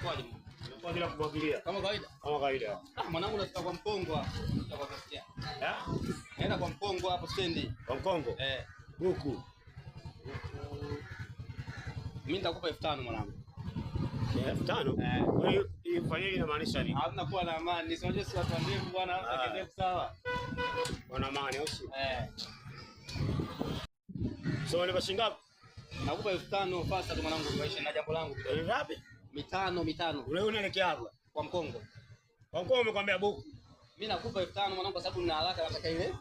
Inakuwaje? Inakuwa bila kumwagilia. Kama kawaida. Kama kawaida. Ah, mwanangu natoka kwa mpongo hapo. Natoka kwa kasikia. Eh? Naenda kwa mpongo hapo stendi. Kwa mpongo? Eh. Huku. Mimi nitakupa 5000 mwanangu. Elfu tano? Eh. Ifanyeni inamaanisha nini? Hamna kuwa na amani. Si unajua si watu wandevu bwana, hata ah. kidevu sawa. Wana amani au si? Eh. So ni bashingapi? Nakupa elfu tano fasta tu mwanangu, maisha na jambo langu. Ngapi? mitano mitano. Ule unaelekea hapa kwa Mkongo. Kwa Mkongo umekwambia buku. Mimi nakupa 5000 mwanangu, kwa sababu nina haraka, nataka ile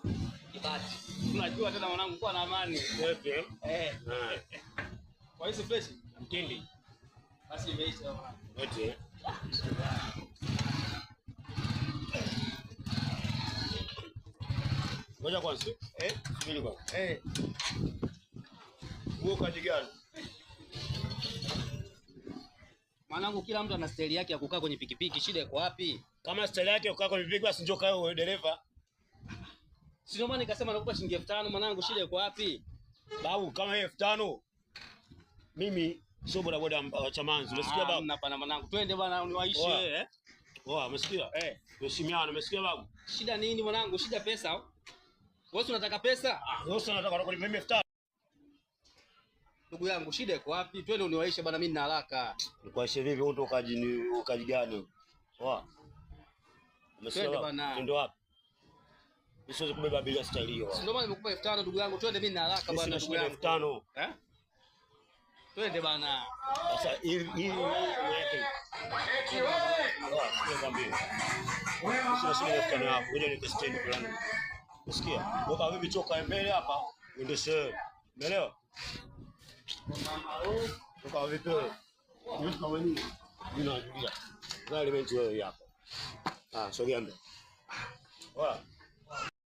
kibati. Unajua tena mwanangu, kuwa na amani. Wewe eh. Ah. Kwa hizo fresh mtindi. Basi imeisha mwanangu. Wote. Ngoja kwanza. Eh? Subiri kwanza. Eh. Uko kaji gani? Mwanangu, kila mtu ana staili yake ya kukaa kwenye pikipiki, shida iko wapi? Kama staili yake kukaa kwenye pikipiki, basi njoo kae wewe dereva. Si ndio maana nikasema nakupa shilingi elfu tano mwanangu, shida iko wapi? Babu, kama elfu tano mimi sio boda boda wa Chamanzi, umesikia ah, babu? Hapana mwanangu, twende bwana, uniwaishe eh. Oa, umesikia? Eh, heshimiana, umesikia babu? Shida nini mwanangu? Shida pesa? Wewe unataka pesa? Ah, wewe unataka kwa mimi elfu tano Ndugu yangu shida iko wapi? Twende uniwaishe bana, mimi nina haraka. Nikuwaishe vipi? Huko ukaji ni ukaji gani? Wa. Umesema bana. Twende wapi? Mimi siwezi kubeba bila staili hiyo. Ndio maana nimekupa 5000 ndugu yangu. Twende mimi nina haraka bana ndugu yangu. 5000. Eh? Twende bana. Sasa hivi hivi niweke. Wewe, usikia? Wewe vipi choka mbele hapa? Uendeshe. Umeelewa? Tukawa vipewe. Yote kama nini? Ninajulia. Zale mechi wewe hapo. Ah, sogea mbele. Wala. Ah,